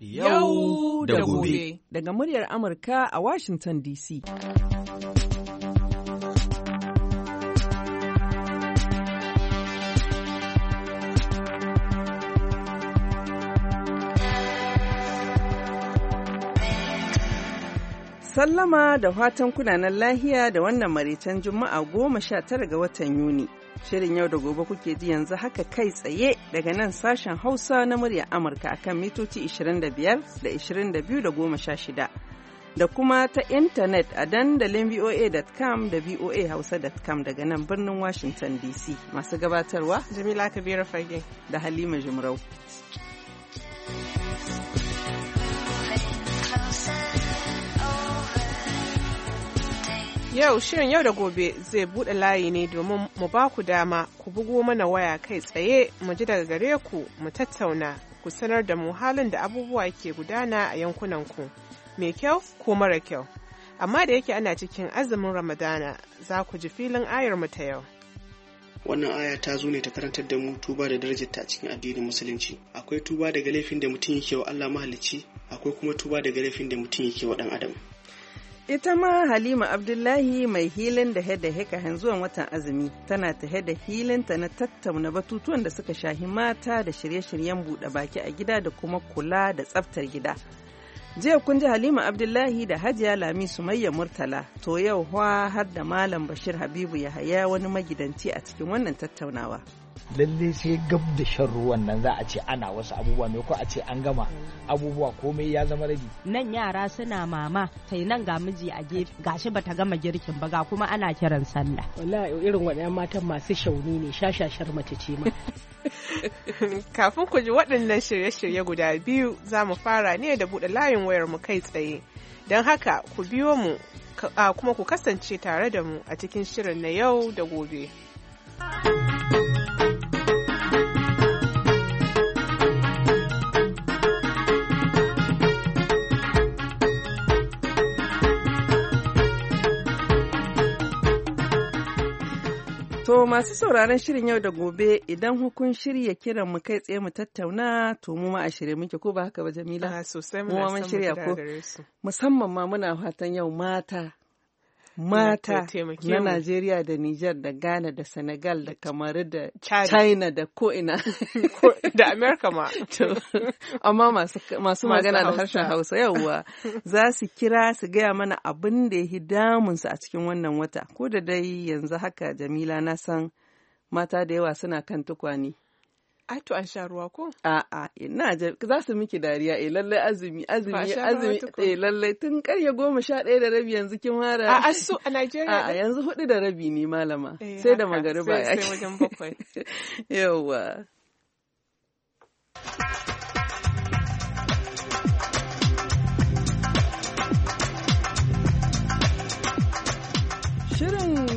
yau da gobe daga muryar Amurka a Washington DC. Sallama da fatan kunanan lahiya da wannan maritan Juma'a goma sha tara ga watan Yuni. Shirin yau da gobe kuke ji yanzu haka kai tsaye daga nan sashen Hausa na murya Amurka akan mitoci 25 da 22 da da kuma ta intanet a dandalin voa.com da voahausa.com daga nan birnin Washington DC masu gabatarwa Jamila Kabiru Fage da Halima you Yau shirin yau da gobe zai buɗe layi ne domin mu ba ku dama ku bugo mana waya kai tsaye mu ji daga gare ku mu tattauna ku sanar da mu halin da abubuwa ke gudana a yankunan ku mai kyau ko mara kyau. Amma da yake ana cikin azumin Ramadana za ku ji filin ayar mu ta yau. wannan aya ta zo ne ta karantar da mu tuba da darajar ta cikin addinin musulunci akwai tuba daga laifin da mutum yake wa Allah mahalicci akwai kuma tuba daga laifin da mutum yake wa dan adam Ita ma Halima Abdullahi mai hilin da hada heka hanzuwan watan azumi tana ta hada hilinta na tattauna batutuwan da suka shahi mata da shirye-shiryen buɗe baki a gida da kuma kula da tsaftar gida. Jiya kun ji Halima Abdullahi da Hajiya Lami Sumayya Murtala to yau har da Malam Bashir Habibu Yahaya wani magidanci a cikin wannan tattaunawa. Lallai sai gab da shan ruwan nan za a ce ana wasu abubuwa mai ko a ce an gama abubuwa komai ya zama rabi nan yara suna mama sai nan ga miji a gefe gashi bata gama girkin ba ga kuma ana kiran sallah wallahi irin waɗannan matan masu shauni ne shashashar mace ce ma kafin ku ji waɗannan shirye-shirye guda biyu za mu fara ne da buɗe layin wayar mu kai tsaye don haka ku biyo mu kuma ku kasance tare da mu a cikin shirin na yau da gobe. To masu sauraron shirin yau da gobe idan hukun shirya kiran mu kai tsaye mu tattauna to mu ma a shirye muke ko ba haka ba Jamila? Ah, sosai muna mun shirya ko musamman ma muna fatan yau mata mata na Najeriya da Nijar da Ghana da Senegal da kamar da China da ko'ina. da Amerika ma. Amma masu magana da harshen Hausa yauwa za su kira su gaya mana abin da ya damunsu a cikin wannan wata ko da dai yanzu haka Jamila na san mata da yawa suna kan tukwane. Ai to an sha ruwa ko? A'a, ina jar za su miki dariya eh lallai azumi azumi azumi eh lallai tun karya goma sha ɗaya da rabi yanzu kin fara. A'a so a Najeriya. A'a yanzu hudu da rabi ne malama. Eh, sai da magariba ya. Sai wajen bakwai. Yawwa.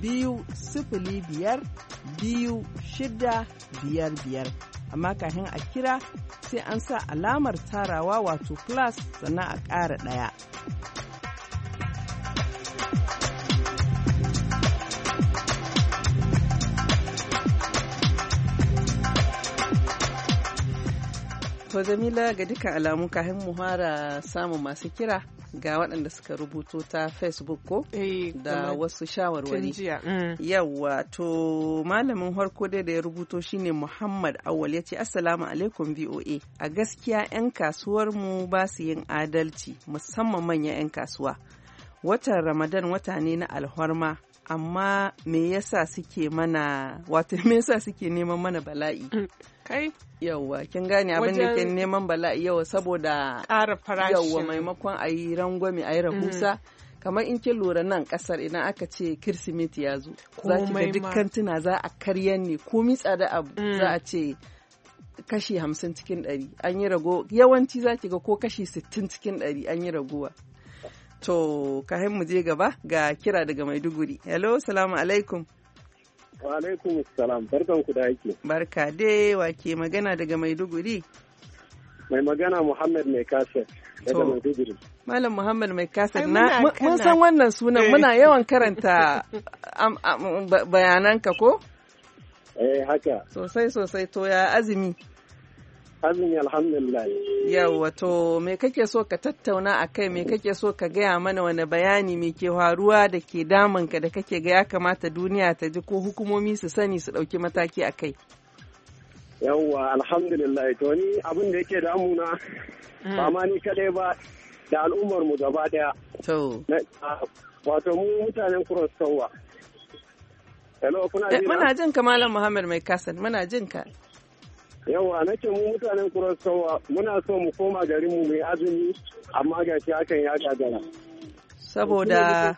biyu sifili biyar biyu shida biyar biyar amma kafin a kira sai an sa alamar tarawa wato class sannan a ƙara ɗaya. to jamila ga dukkan alamu kafin mu fara samun masu kira ga waɗanda suka rubuto ta facebook ko eh, da wasu shawarwari yawa mm. to malamin harko dai da ya rubuto shine muhammad awal ya ce assalamu alaikum voa a gaskiya 'yan kasuwar mu ba su yin adalci musamman manyan 'yan kasuwa watan ramadan wata ne na alhorma amma me yasa suke mana wato me yasa suke neman mana bala'i mm. kai yawwa kin gane abin da ke neman bala'i yawa saboda ƙara farashi yawwa maimakon a yi rangwame a yi rahusa mm-hmm. kamar in kin lura nan kasar idan aka ce kirsimeti ya zo za ki ga dukkan tuna za a karya ne komi tsada abu mm. za a ce kashi hamsin cikin ɗari an yi rago yawanci za ki ga ko kashi sittin cikin ɗari an yi raguwa. to kahin mu je gaba ga kira daga maiduguri hello salamu alaikum Wa alaikum salam barkan ku da aiki. Barka dai wake magana daga Maiduguri. Mai magana Muhammad Mai Kasir daga Maiduguri. Malam Muhammad Mai Kasir na mun san wannan sunan eh. muna yawan karanta bayananka ko? Eh haka. Sosai sosai to ya azumi. azumi alhamdulillah yawa to me kake so ka tattauna a kai me kake so ka gaya mana wani bayani me ke faruwa da ke damanka da kake ga ya kamata duniya ta ji ko hukumomi su sani su ɗauki mataki a kai yawa alhamdulillah to ni abin da yake damuna ba ma ni kadai ba da al'ummar mu gaba daya to wato mu mutanen cross tower hello kuna eh, jin muna jin ka malam muhammad mai kasan muna jin ka yawa nake mu mutanen kurasawa muna so mu koma garin mu mai azumi amma ga shi hakan ya gagara saboda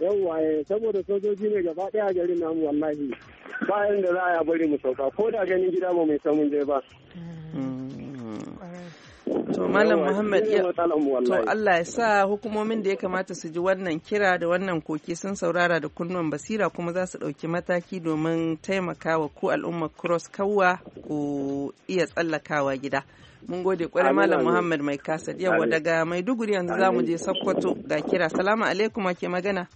yawa eh, saboda sojoji ne gaba daya garin namu wallahi bayan da za a bari mu sauka ko da ganin gida ba mai samun je ba mm. To Malam Muhammad ya to Allah ya sa hukumomin da ya kamata su ji wannan kira da wannan koke sun saurara da kunnuwan basira kuma za su ɗauki mataki domin taimakawa ko al'umma cross kawwa ku iya tsallakawa gida. Mun gode kwarai Malam Muhammad mai kasa yawa daga Maiduguri yanzu za mu je Sokoto ga kira. Salamu alaikum ake magana.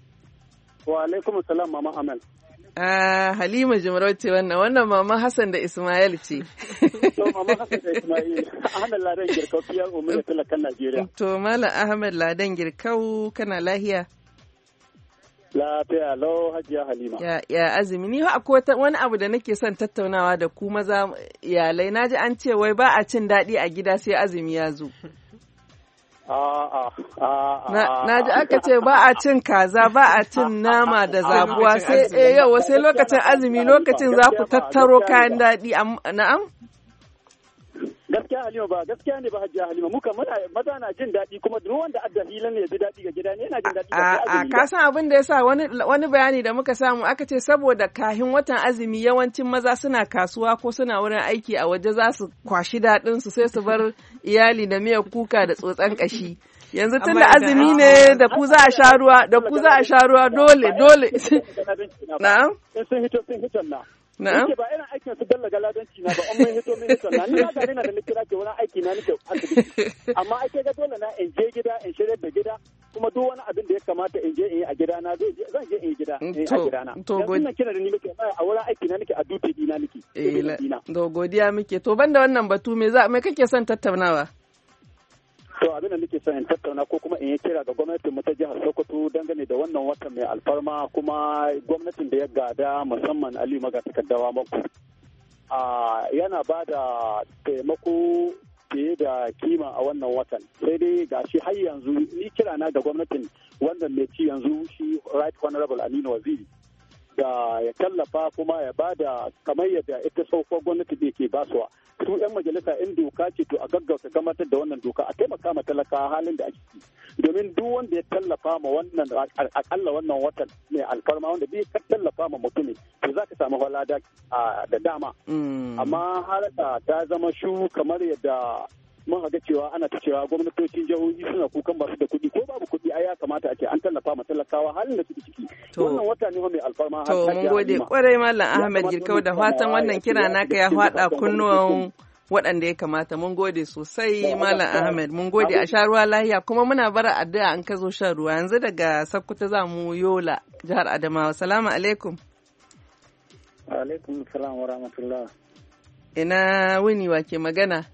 Wa salam Mama Amal. Ah, Halima Jimarau ce wannan, wannan Mama Hassan da Ismail ce. To, Mama Hassan da Ismail, Ahmed Ladan Girkau, fiyar umar kan Najeriya. To, Malam Ahmed Ladan Girkau, kana lahiya? Lafiya, lau hajiya Halima. Ya, ya azumi, ni akwai wani abu da nake son tattaunawa da ku maza iyalai, na an ce wai ba a cin daɗi a gida sai azumi ya zo. Na ji aka ce ba a cin kaza ba a cin nama da zabuwa sai eh, yau sai lokacin azumi lokacin za ku tattaro kayan daɗi na'am? gaskiya halima ba gaskiya ne ba hajji halima muka muna maza na jin daɗi kuma duk wanda adda hila ne ji daɗi ga gida ne yana jin daɗi a ka san abin da yasa wani wani bayani da muka samu aka ce saboda kahin watan azumi yawancin maza suna kasuwa ko suna wurin aiki a waje za su kwashi daɗin su sai su bar iyali da miyar kuka da tsotsan kashi yanzu tun da azumi ne da ku za a sha ruwa da ku za a sha ruwa dole dole na'am sun hito sun hito na Na'am. Yake ba ina aikin su dalla galadanci na ba an mai hito min sannan na ni na gane na da kira ke wani aiki na nake asibiti amma ake ga dole na in je gida in shirya da gida kuma duk wani abin da ya kamata in je in yi a gida na zai zan je in yi gida in yi a gida na. To godiya. Yanzu kira da ni muke a wurin aiki na nake a dutse dina nake. Eh to godiya muke to banda wannan batu me za me kake son tattaunawa? To abin da nake son in tattauna ko kuma in yi kira ga gwamnatin mu ta jihar Sokoto dangane da wannan watan mai alfarma kuma gwamnatin da ya gada musamman Ali Maga takaddawa a yana ba da taimako fiye da kima a wannan watan sai dai ga shi har yanzu ni kirana ga gwamnatin wanda mai ci yanzu shi right honorable aminu waziri da ya tallafa kuma ya ba da kamar yadda ita tsohuwar gwamnati da ke basuwa su yan majalisa in doka ce to a gaggauta gamatar da wannan doka a taimaka ma talaka halin da ake domin duk wanda ya tallafa ma wannan akalla wannan watan mai alfarma wanda bai ka tallafa ma mutum to za ka samu falada da dama mm. amma har ta zama shu kamar yadda mun ga cewa ana ta cewa gwamnatocin jihohi suna kukan basu da kuɗi ko babu kuɗi ai ya kamata a ce an tallafa ma talakawa halin da suke ciki wannan wata ne mai alfarma to mun gode kwarai mallam Ahmed girkau da fatan wannan kira naka ya fada kunnuwan waɗanda ya kamata mun gode sosai malam ahmed mun gode a sha ruwa lahiya kuma muna bara addu'a an ka zo shan ruwa yanzu daga sakkuta za mu yola jihar adamawa salamu alaikum alaikum salam rahmatullah ina wuni wa ke magana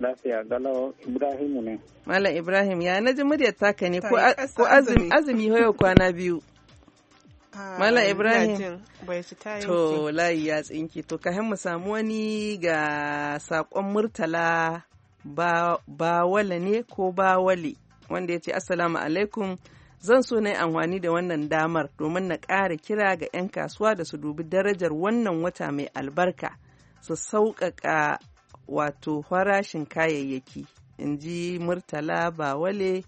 Lafiya galawa Ibrahimu ne. Malam Ibrahim ya na ji murya taka ne ko azumi yau kwana biyu. Ah, Malam Ibrahim. To layi ya tsinki to ka mu samu wani ga sakon murtala ba wala ne ko ba wale wanda ya ce assalamu alaikum zan so na yi amfani da wannan damar domin na ƙara kira ga 'yan kasuwa da su dubi darajar wannan wata mai albarka su sauƙaƙa wato farashin kayayyaki in ji murtala bawale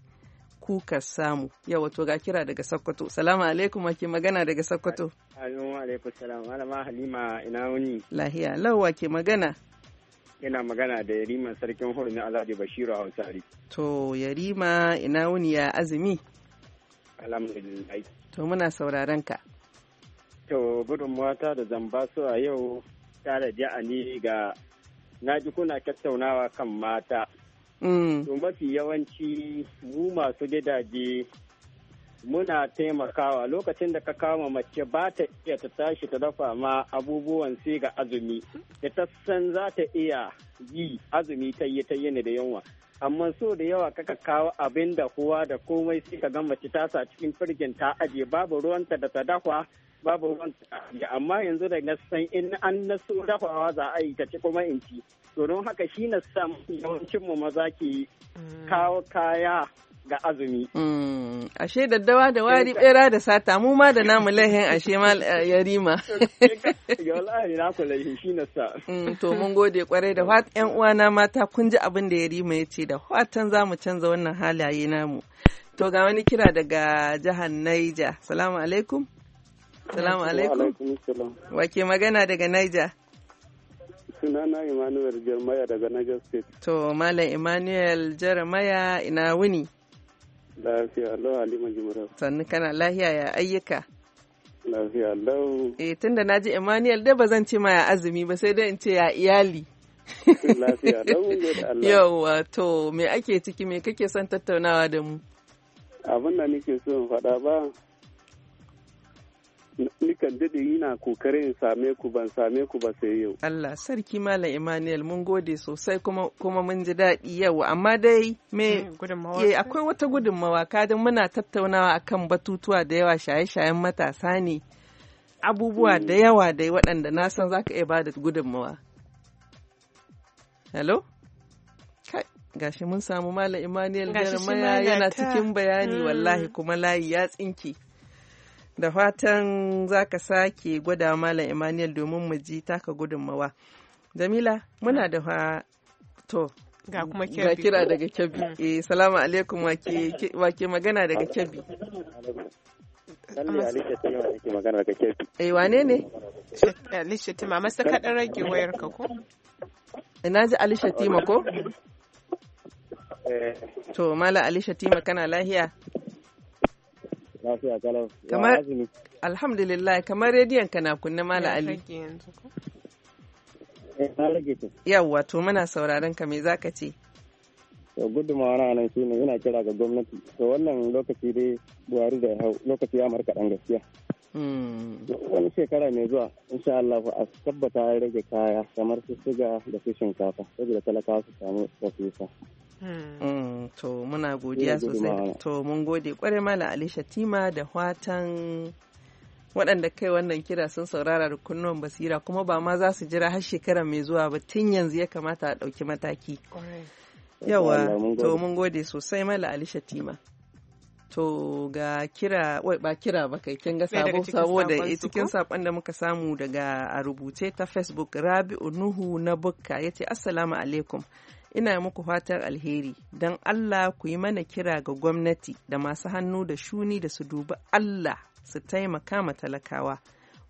kuka samu yau wato ga kira daga sokoto salamu alaikum wake magana daga sokoto alaikum malama halima ina wuni lahiya lawa ke magana ina magana da yarima sarkin hurumin alhaji bashiru hausari to yarima ina wuni ya azumi alhamdulillah to muna sauraron ka to mata da zamba a yau ta da ga na ji kuna tattaunawa kan mata. Mm. To mafi yawanci mu masu gidaje muna taimakawa lokacin da ka kama mace ba ta iya ta tashi ta dafa ma abubuwan sai ga azumi da ta san za ta iya yi azumi ta yi ta yini da yunwa amma so da yawa kaka kawo abin da kowa da komai sai ka ga mace ta sa cikin firgin ta aje babu ruwanta da ta dafa babu ruwan amma yanzu da na in an nasu dafawa za a yi ta ci kuma in ci to don haka shi na sam yawancin mu maza ke mm. kawo kaya ga azumi mm. ashe daddawa da wari eh, bera da sata mu ma da namu lahin ashe ma eh, yarima eh, wallahi na ku lahin shi na sa mm, to mun gode kwarai da fat yan na mata kun ji abin da yarima ya ce da fatan zamu canza wannan halaye namu to ga wani kira daga jihar Niger salamu alaikum Salamu alaikum. Wake magana daga Niger. Sunana Emmanuel Jeremiah daga Niger State. To, Malam Emmanuel Jeremiah ina wuni. Lafiya, Allah Halima Jimarau. Sannu kana lahiya ya ayyuka. Lafiya, Allah. Eh, tunda na ji Emmanuel dai ba zan ce ma ya azumi ba sai dai in ce ya iyali. Lafiya, Allah. Yawwa, to, me ake ciki me kake son tattaunawa da mu? Abin da nake so in faɗa ba, nikan dade na kokarin same ku ban same ku ba sai yau. Allah sarki Malam Emmanuel mun gode sosai kuma kuma mun ji daɗi yau amma dai me hmm, eh, akwai wata gudunmawa kadan muna tattaunawa akan batutuwa da yawa shaye-shayen matasa ne abubuwa da hmm. yawa dai waɗanda na san zaka iya bada gudunmawa. Hello? Gashi mun samu Malam Emmanuel yana cikin bayani hmm. wallahi kuma layi ya tsinki. da fatan za ka sake gwada malam emmanuel domin mu ji taka gudunmawa jamila muna da to ga kuma kebbi ga kira daga kebbi E, salamu alaikum wake magana daga kebbi Lalle Alisha magana daga Kebbi. Eh, wane ne? Alisha Tima masu kaɗan rage wayar ka ko? Ina ji Alisha Tima ko? Eh. To Mala Alisha Tima kana lahiya? Lafiya Kamar Alhamdulillah kamar rediyon ka na kunna Mala Ali. Eh, Yawwa to muna sauraron ka me zaka ce? to wani anan shi ne yana kira ga gwamnati to wannan lokaci dai buhari da hau lokaci ya marka dan gaskiya hmm. wani shekara mai zuwa insha Allah a tabbata ya rage kaya kamar su siga da su shinkafa saboda talakawa su samu tafisa Hmm. Mm, to muna godiya sosai to mun gode kwarai mala alisha tima da watan waɗanda kai wannan kira sun saurara da kunnuwan basira kuma ba ma za su jira har shekara mai zuwa ba tun yanzu ya kamata a ɗauki mataki yawa to mun gode sosai mala alisha tima to ga kira wai ba kira ba kai kin ga sabo sabo da cikin sakon da muka samu daga a rubuce ta facebook rabi'u nuhu na bukka ya ce assalamu alaikum ina muku fatar alheri don Allah ku yi mana kira ga gwamnati da masu hannu da shuni da su dubi Allah su taimaka ma talakawa.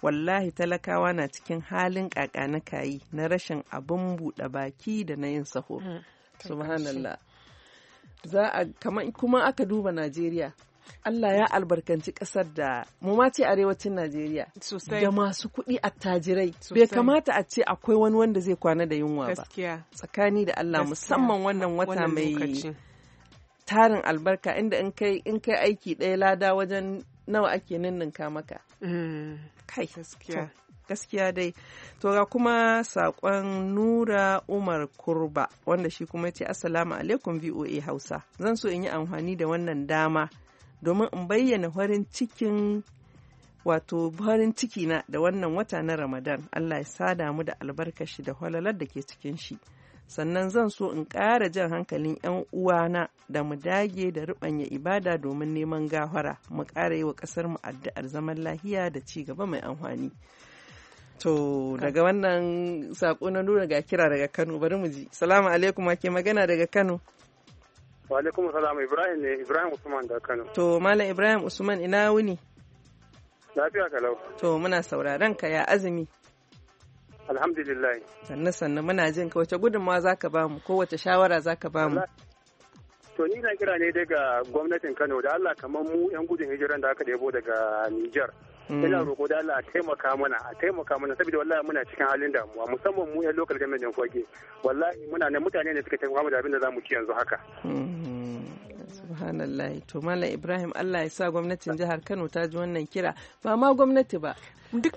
Wallahi talakawa na cikin halin kaka na rashin abin buɗe baki da na yin saho. Mm, Subhanallah. kuma aka duba Najeriya Allah ya albarkanci ƙasar da mu ma ce arewacin Najeriya da masu kuɗi attajirai bai kamata a ce akwai wani wanda zai kwana da yunwa ba tsakani da Allah musamman wannan wata mai tarin albarka inda in kai in kai aiki ɗaya lada wajen nawa ake ninninka maka mm. kai gaskiya gaskiya dai to ga kuma sakon nura umar kurba wanda shi kuma ce assalamu alaikum voa hausa zan so in yi amfani da wannan dama domin in bayyana farin cikin wato farin ciki na da wannan wata na Ramadan Allah ya sada mu da shi da halalar da ke cikin shi. sannan zan so in ƙara jan hankalin 'yan uwana da mu dage da ruɓanya ibada domin neman gafara mu kara yi wa ƙasar mu addu'ar zaman lahiya da ci gaba mai amfani to daga wannan saƙo na nuna ga kira daga kano bari mu ji salamu alaikum ke magana daga kano Wa alaikum salam Ibrahim ne Ibrahim Usman da Kano. To Malam Ibrahim Usman ina wuni? Lafiya kalau. To muna sauraron ka ya azumi. Alhamdulillah. sannan-sannan muna jin ka wace gudunmawa zaka bamu ko wace shawara zaka bamu? to ni na kira ne daga gwamnatin Kano da Allah kamar mu yan gudun hijiran da aka debo daga Niger mm. ina roƙo da Allah a taimaka mana a taimaka mana saboda wallahi muna cikin halin damuwa musamman mu yan local government din Kogi wallahi muna ne mutane ne suka taimaka mu da abin da zamu ci yanzu haka mm-hmm. subhanallah to malam ibrahim allah ya sa gwamnatin jihar kano ta ji wannan kira ba ma gwamnati ba duk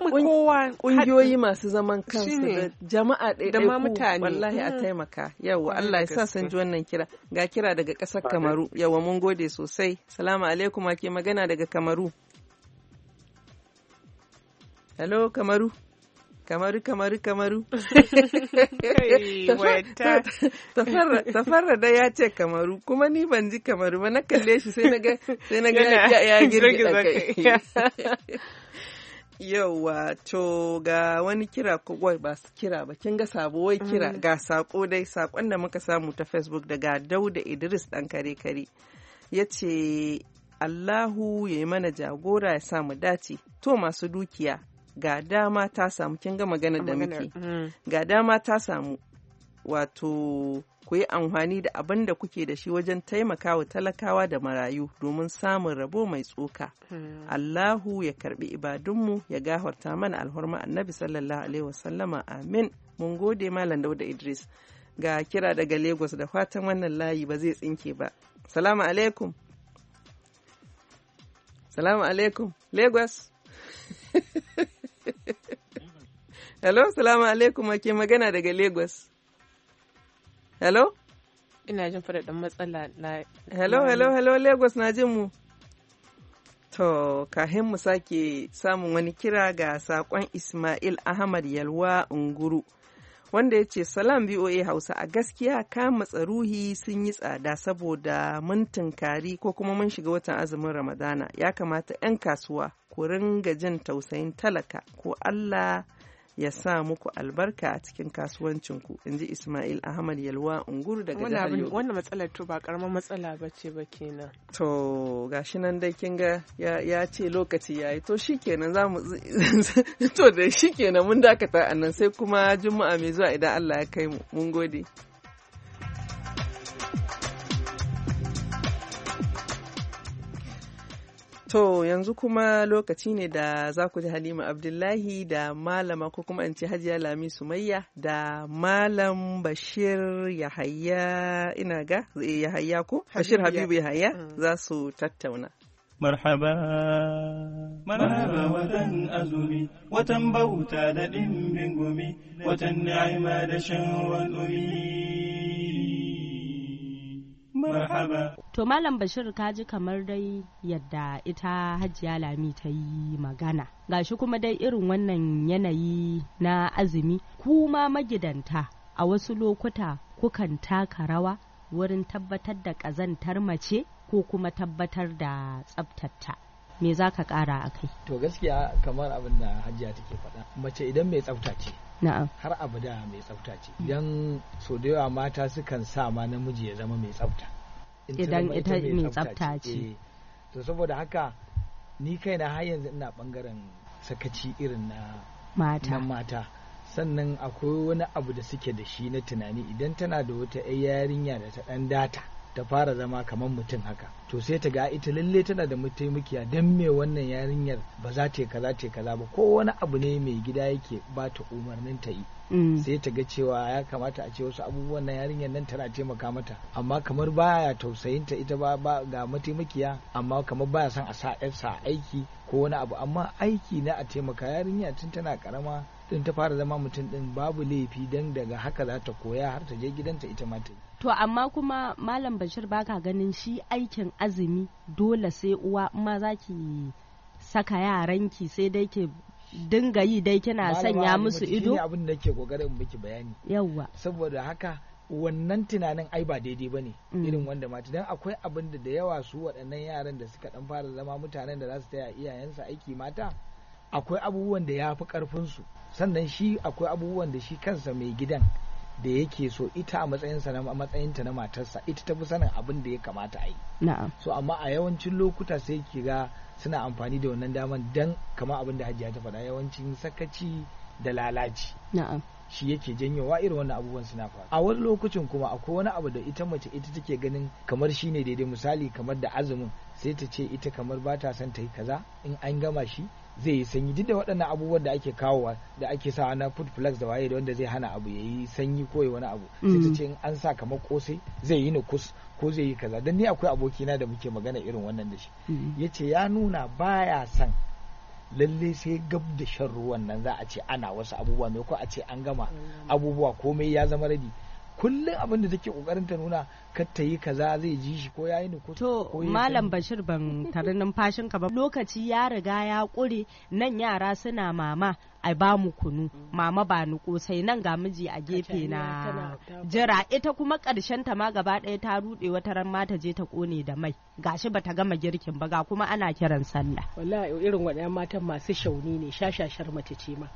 masu zaman kansu da jama'a da ma mutane wallahi a mm. taimaka yawa Allah ya sa san ji wannan kira ga kira daga kasar Kamaru yawa mun gode sosai salamu alaikum ake magana daga Kamaru hello Kamaru kamaru kamaru kamaru tafarra da ya ce kamaru kuma ni ban ji kamaru ba na kalle shi sai na ga ya girgiza kai yauwa to ga wani kira ko ba su kira ba kin ga sabo wai kira mm. ga sako dai sakon da muka samu ta facebook daga dauda idris dan kare kare ya ce allahu ya yi mana jagora ya samu dace to masu dukiya ga dama ta samu kin ga maganar da muke mm. ga dama ta samu wato ku yi amfani da abin da kuke da shi wajen taimakawa talakawa da marayu domin samun rabo mai tsoka. Mm. Allahu ya karbi ibadunmu ya gafarta mana alhorma annabi sallallahu alaihi wasallama amin. Mun gode Malam Dauda Idris ga kira daga Lagos da fatan wannan layi ba zai tsinke ba. Salamu alaikum. Salamu alaikum. Lagos. Hello, salamu alaikum ke magana daga Lagos. Hello? Ina jin faɗaɗin matsala na... Hello, hello, hello, Lagos na jin mu. To, kahin mu sake samun wani kira ga saƙon Ismail Ahmad Yalwa Unguru. Wanda ya ce, Salam BOA Hausa a gaskiya kama tsaruhi sun yi tsada saboda mun tunkari ko kuma mun shiga watan azumin Ramadana. Ya kamata 'yan kasuwa ku ringa jin tausayin talaka ko Allah ya sa muku albarka a cikin kasuwancinku in ji ismail ahmad yalwa unguru daga jihar yobe wannan matsalar to ba karamar matsala ba ce ba kenan to gashi nan dai kin ya ce lokaci yayi to shikenan za mu to da shikenan mun dakata a nan sai kuma juma'a mai zuwa idan allah ya kai mun gode To yanzu kuma lokaci ne da za ku ji Halima Abdullahi da Malama ko kuma in ce Hajiya Lami Sumayya da Malam Bashir Yahaya ina ga eh, Yahaya ku Bashir Habibu Yahaya mm. za su tattauna. Marhaba, marhaba watan azumi, watan bauta da ɗimbin gumi, watan ni'ima da shan wani marhaba to malam bashir ka ji kamar dai yadda ita hajiya lami ta yi magana gashi kuma dai irin wannan yanayi na azumi kuma magidanta a wasu lokuta kukan taka rawa wurin tabbatar da ƙazantar mace ko kuma tabbatar da tsabtata me za ka kara a kai to gaskiya kamar abin da hajiya take faɗa mace idan mai tsafta ce na'am har abada mai tsafta ce idan so da yawa mata sukan sa ma namiji ya zama mai tsafta idan ita mai tsafta ce eh. to saboda haka ni kaina har yanzu ina bangaren sakaci irin na mata mata sannan akwai wani abu da suke da shi na tunani idan tana da wata yarinya da ta dan data ta fara zama kamar mutum haka to sai ta ga ita lalle tana da mataimakiya don me wannan yarinyar ba za ta kaza ta kaza ba ko wani abu ne mai gida yake ba ta umarnin ta yi mm. sai ta ga cewa ya kamata a ce wasu abubuwan na yarinyar nan tana taimaka mata amma kamar baya tausayin ta ita ba ga mataimakiya amma kamar baya son a sa yarsa aiki ko wani abu amma aiki na a taimaka yarinya tun tana karama din ta fara zama mutum din babu laifi dan daga haka za ta koya har ta je gidanta ita ma ta to amma kuma malam bashir baka ganin shi aikin azumi dole sai uwa ma za ki saka yaranki sai dai ke dinga yi dai kina sanya musu ido abin da ke kokarin miki bayani yawa saboda haka wannan tunanin ai ba daidai ba mm. irin wanda mata don akwai abin da da yawa su waɗannan yaran da suka ɗan fara zama mutanen da za su taya iyayensu aiki mata akwai abubuwan da ya fi ƙarfinsu sannan shi akwai abubuwan da shi kansa mai gidan da yake so ita a matsayinsa na matsayinta na matarsa ita ta fi sanin abin da ya kamata a yi na'am so amma a yawancin lokuta sai ki ga suna amfani da wannan daman dan kama abin da hajiya ta faɗa yawancin sakaci da lalaci na'am shi yake janyowa irin wannan abubuwan suna faru a wani lokacin kuma akwai wani abu da ita mace ita take ganin kamar shi ne daidai misali kamar da azumin sai ta ce ita kamar ba ta son ta yi kaza in an gama shi zai yi sanyi duk da waɗannan abubuwan da ake kawowa da ake sa na food flux da waye da wanda zai hana abu yayi sanyi ko ya wani abu sai ta mm. ce in an sa kamar kosai zai yi nukus ko zai yi kaza dan ni akwai aboki na da muke magana irin wannan da shi mm. yace ya nuna baya san lalle sai gab da shan ruwan nan za a ce ana wasu abubuwa mai ko a ce an gama mm. abubuwa komai ya zama radi kullum abin da take kokarin ta nuna kar ta yi kaza zai ji shi ko yi ni ko to malam bashir ban tare numfashin ka ba lokaci ya riga ya kure nan yara suna mama a ba mu kunu mama ba ni kosai nan ga miji a gefe na jira ita kuma karshen ta ma gaba ɗaya ta rude wata ran ma ta je ta kone da mai gashi bata gama girkin ba ga kuma ana kiran sallah wallahi irin waɗannan matan masu shauni ne shashashar mace ce ma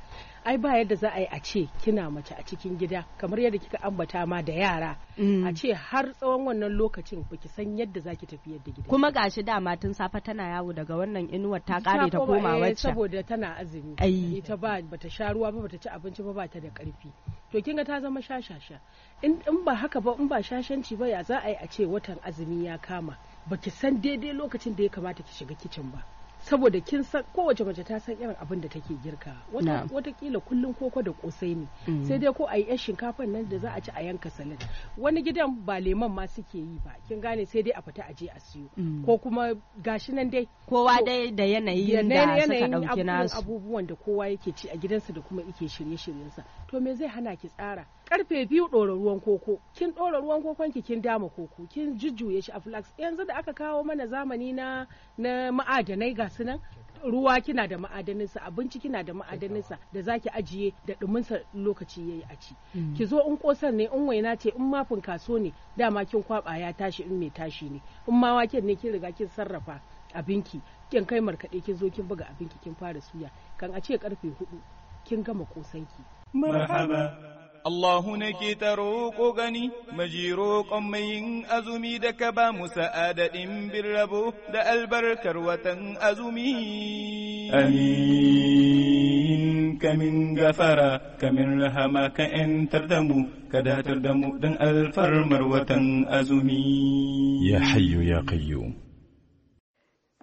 ai ba yadda za a yi a ce kina mace a cikin gida kamar yadda kika ambata ma da yara mm. a ce har tsawon tsawon wannan lokacin baki san yadda zaki tafi da gida kuma gashi da matan safa tana yawo daga wannan inuwar ta kare ta koma eh, wacce saboda tana azumi ita ba bata sha ruwa ba bata ci abinci ba bata da karfi to kinga ta zama shashasha in ba haka ba in ba shashanci ba ya za a yi a ce watan azumi ya kama baki san daidai lokacin da ya kamata ki shiga kicin ba saboda kin san kowace mace ta san irin abin da take girka wata watakila kullun koko da kosai ne mm. sai dai ko a yi yan shinkafan nan da za a ci a yanka salad wani gidan ba leman ma suke yi ba kin gane sai dai a fita a je a siyo mm. ko kuma gashi nan dai kowa dai da yanayin da suka nasu abubuwan da kowa yake ci a gidansa da kuma yake shirye-shiryensa to me zai hana ki tsara karfe biyu ɗora ruwan koko kin ɗora ruwan kokon ki kin dama koko kin jujjuye shi a flax yanzu da aka kawo mana zamani na na ma'adanai ga su nan ruwa kina da ma'adaninsa abinci kina da ma'adaninsa da zaki ajiye da ɗuminsa lokaci yayi a ci mm. ki zo in kosan ne in waina ce in ma kaso ne dama kin kwaba ya tashi in mai tashi ne in ma waken ne kin riga kin sarrafa abinki kin kai markaɗe kin zo kin buga abinki kin fara suya kan a ce karfe hudu kin gama kosanki marhaba Allahu ke ta roƙo gani, majiro roƙon azumi da ka ba mu sa'adaɗin bin rabo da albarkar watan azumi. Amin, kamin gafara, kamin rahama ka ‘yantar da mu, ka datar da mu don alfarmar watan azumi. Ya hayyo ya kayyo.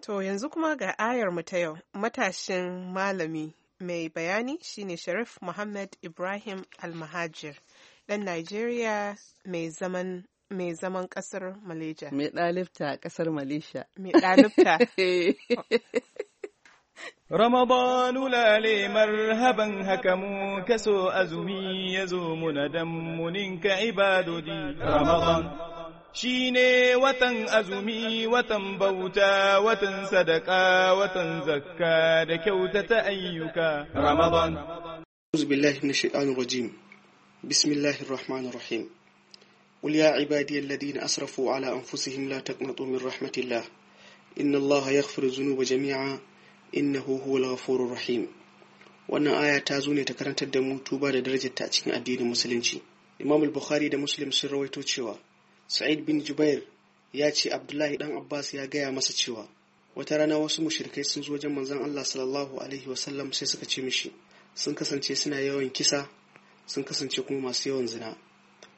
To yanzu kuma ga ayar mu ta yau, matashin malami Mai bayani shine Sharif Muhammad Ibrahim Almahajir, ɗan Najeriya mai zaman mai zaman kasar Malaysia. Mai ɗalibta a kasar Malaysia. Mai ɗalibta. Ramadanu lale marhaban haka mu kaso azumi ya zo muna dan muninka ibadodi. Ramadan. shi ne watan azumi watan bauta watan sadaka watan zakka da ta ayyuka ramadan أعوذ بالله من الشيطان الرجيم بسم الله الرحمن ya قل يا عبادي الذين أسرفوا على أنفسهم لا تقنطوا من wannan aya ta zo ne ta karantar da mu tuba da darajar ta cikin addinin musulunci imam bukhari da muslim sun rawaito cewa Sa'id bin Jubair ya ce Abdullahi dan Abbas ya gaya masa cewa wata rana wasu mushrikai sun zo wajen manzon Allah sallallahu alaihi wasallam sai suka ce mishi sun kasance suna yawan kisa sun kasance kuma masu yawan zina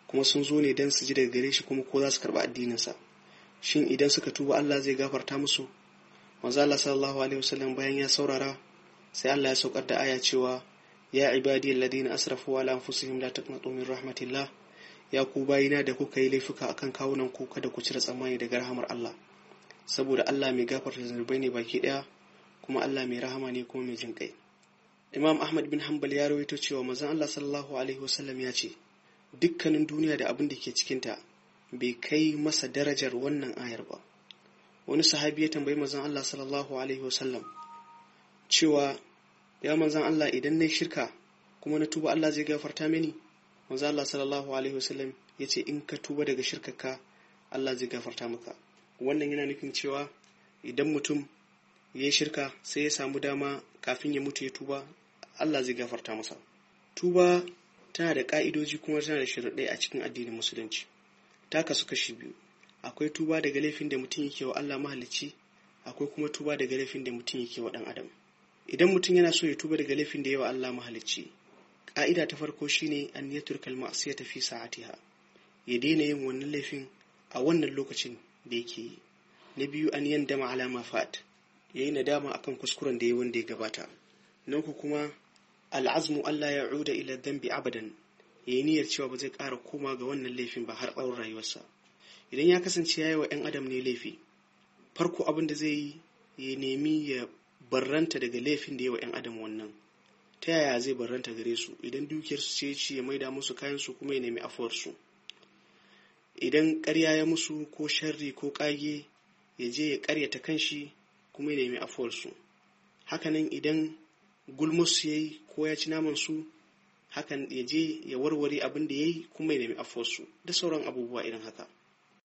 kuma sun zo ne don su ji daga gare shi kuma ko za su karɓi addininsa shin idan suka tuba Allah zai gafarta musu manzo Allah sallallahu alaihi wasallam bayan ya saurara sai Allah ya saukar da aya cewa ya ibadi alladhina asrafu ala anfusihim la taqnatu min rahmatillah ya ku bayina da kuka yi laifuka akan kawunan ku kada ku cire tsammani daga rahamar Allah saboda Allah mai gafarta zunubai ne baki daya kuma Allah mai rahama ne kuma mai jin kai Imam Ahmad bin Hanbal ya rawaito cewa manzon Allah sallallahu alaihi wasallam ya ce dukkanin duniya da abin da ke ta bai kai masa darajar wannan ayar ba wani sahabi ya tambayi manzon Allah sallallahu alaihi wasallam cewa ya manzon Allah idan na shirka kuma na tuba Allah zai gafarta mini manzo Allah sallallahu alaihi wasallam yace in ka tuba daga ka, Allah zai gafarta maka wannan yana nufin cewa idan mutum ya yi shirka sai ya samu dama kafin ya mutu ya tuba Allah zai gafarta masa tuba tana da ka'idoji kuma tana da shirɗai a cikin addinin musulunci ta kasu kashi biyu akwai tuba daga laifin da mutum yake wa Allah mahalicci akwai kuma tuba daga laifin da mutum yake wa ɗan adam idan mutum yana so ya tuba daga laifin da yawa Allah mahalicci ƙa'ida ta farko shine an yaturkal ya tafi sa'atiha ya daina yin wannan laifin a wannan lokacin da yake yi na biyu an dama alama fat ya yi nadama akan kuskuren da ya wanda ya gabata na uku kuma al'azmu Allah ya uda ila dambi abadan ya yi niyyar cewa ba zai ƙara koma ga wannan laifin ba har tsawon rayuwarsa idan ya kasance ya yi wa 'yan adam ne laifi farko abin da zai yi ya nemi ya barranta daga laifin da ya wa 'yan adam wannan ta yaya zai baranta gare su idan dukiyar su ce ci ya maida musu kayan su kuma ya nemi afuwar su idan karya ya musu ko sharri ko kage ya je ya ƙaryata kanshi kuma ya nemi afuwar su hakanan idan gulmus ya yi ko ya ci naman su hakan ya je ya warware abin da ya yi kuma ya nemi afuwar su da sauran abubuwa irin haka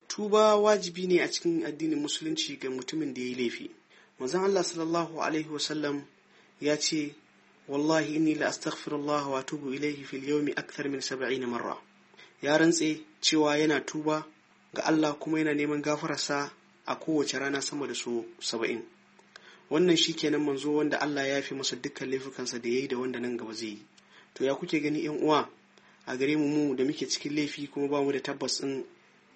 tuba wajibi ne a cikin addinin musulunci ga mutumin da ya yi laifi manzon Allah sallallahu alaihi wasallam ya ce wallahi inni la astaghfirullah wa atubu ilayhi fil yawmi akthar min 70 marra ya rantse cewa yana tuba ga Allah kuma yana neman gafararsa a kowace rana sama da su 70 wannan shikenan manzo wanda Allah ya fi masa dukkan laifukansa da yayi da wanda nan gaba zai yi to ya kuke gani yan uwa a gare mu mu da muke cikin laifi kuma ba mu da tabbas din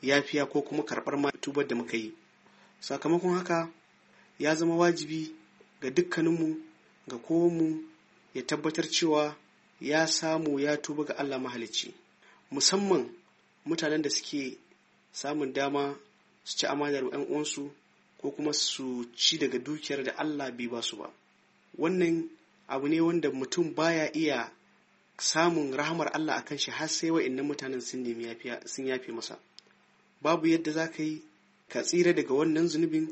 yafiya ko kuma karɓar ma tubar da muka yi sakamakon haka ya zama wajibi ga dukkaninmu ga kowanmu ya tabbatar cewa ya samu ya tuba ga Allah mahalicci musamman mutanen da suke samun dama su ci amanar yan uwansu ko kuma su ci daga dukiyar da Allah bai ba su ba wannan abu ne wanda mutum baya iya samun rahamar Allah a kan shi har sai wa'annan mutanen sun nemi sun yafe masa babu yadda za ka yi ka tsira daga wannan zunubin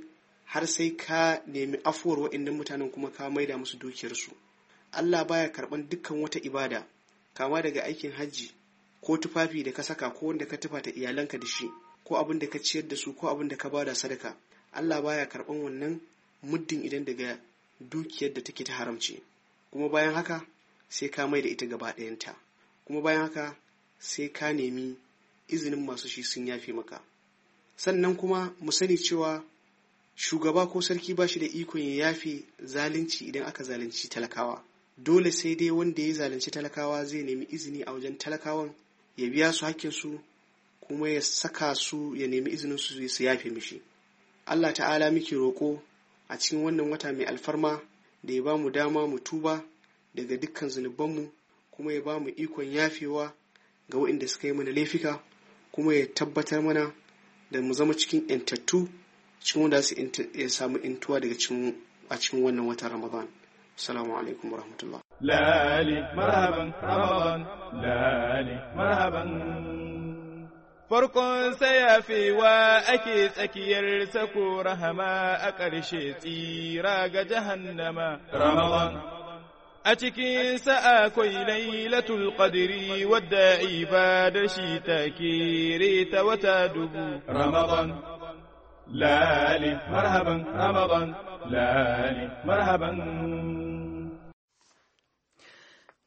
har sai ka nemi afuwar wa'annan mutanen kuma ka maida musu dukiyarsu Allah baya karɓar dukkan wata ibada kama daga aikin hajji ko tufafi da ka saka ko wanda ka tufa ta iyalanka da shi ko abin da ka ciyar da su ko abin da ka bada sadaka Allah baya karban wannan muddin idan daga dukiyar da take ta haramci kuma bayan haka sai ka mai da ita gaba ɗayanta kuma bayan haka sai ka nemi izinin masu shi sun yafe maka sannan kuma mu sani cewa shugaba ko sarki ba shi da ikon ya yafe zalunci idan aka zalunci talakawa dole sai dai wanda ya zalunci talakawa zai nemi izini a wajen talakawan ya biya su hakkinsu kuma ya saka su ya nemi izinin su su yafe mishi Allah ta'ala muke roƙo a cikin wannan wata mai alfarma da ya ba mu dama mu tuba daga dukkan zunubanmu kuma ya ba mu ikon yafewa ga waɗanda suka yi mana laifika kuma ya tabbatar mana da mu zama cikin yantattu cikin wanda su samu intuwa daga a cikin wannan watan ramadan السلام عليكم ورحمة الله لالي مرحبا رمضان لالي مرحبا farkon sayafewa ake tsakiyar sako rahama a ƙarshe tsira ga jahannama ramadan a cikin sa'a kwai lailatul qadri wadda ibadar shi ta kere ta wata dubu ramadan lali marhaban ramadan lali marhaban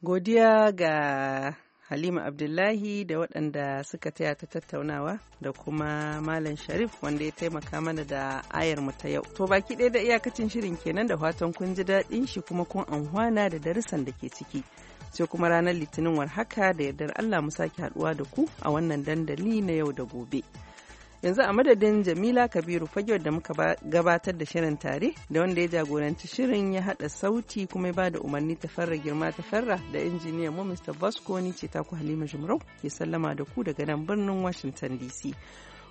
Godiya ga Halima Abdullahi da waɗanda suka taya ta tattaunawa da kuma Malam Sharif wanda ya taimaka mana da ayar mu ta yau. To baki ɗaya da iyakacin shirin kenan da fatan kun ji daɗin shi kuma kun anhwana da darussan da ke ciki. Sai kuma ranar Litinin war haka da yardar Allah mu sake haɗuwa da ku a wannan dandali na yau da gobe. yanzu a madadin jamila kabiru fage da muka gabatar da shirin tare da wanda ya jagoranci shirin ya hada sauti kuma ya bada umarni ta farra girma ta farra da injiniyan mu mr vasco ni ce taku halima jumrau ya sallama da ku daga nan birnin washington dc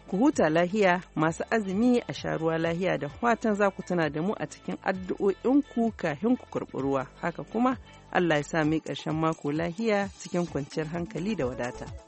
ku huta lahiya masu azumi a sharuwa lahiya da fatan za ku tuna da mu a cikin addu'o'inku kafin ku karɓi haka kuma allah ya sa mai ƙarshen mako lahiya cikin kwanciyar hankali da wadata.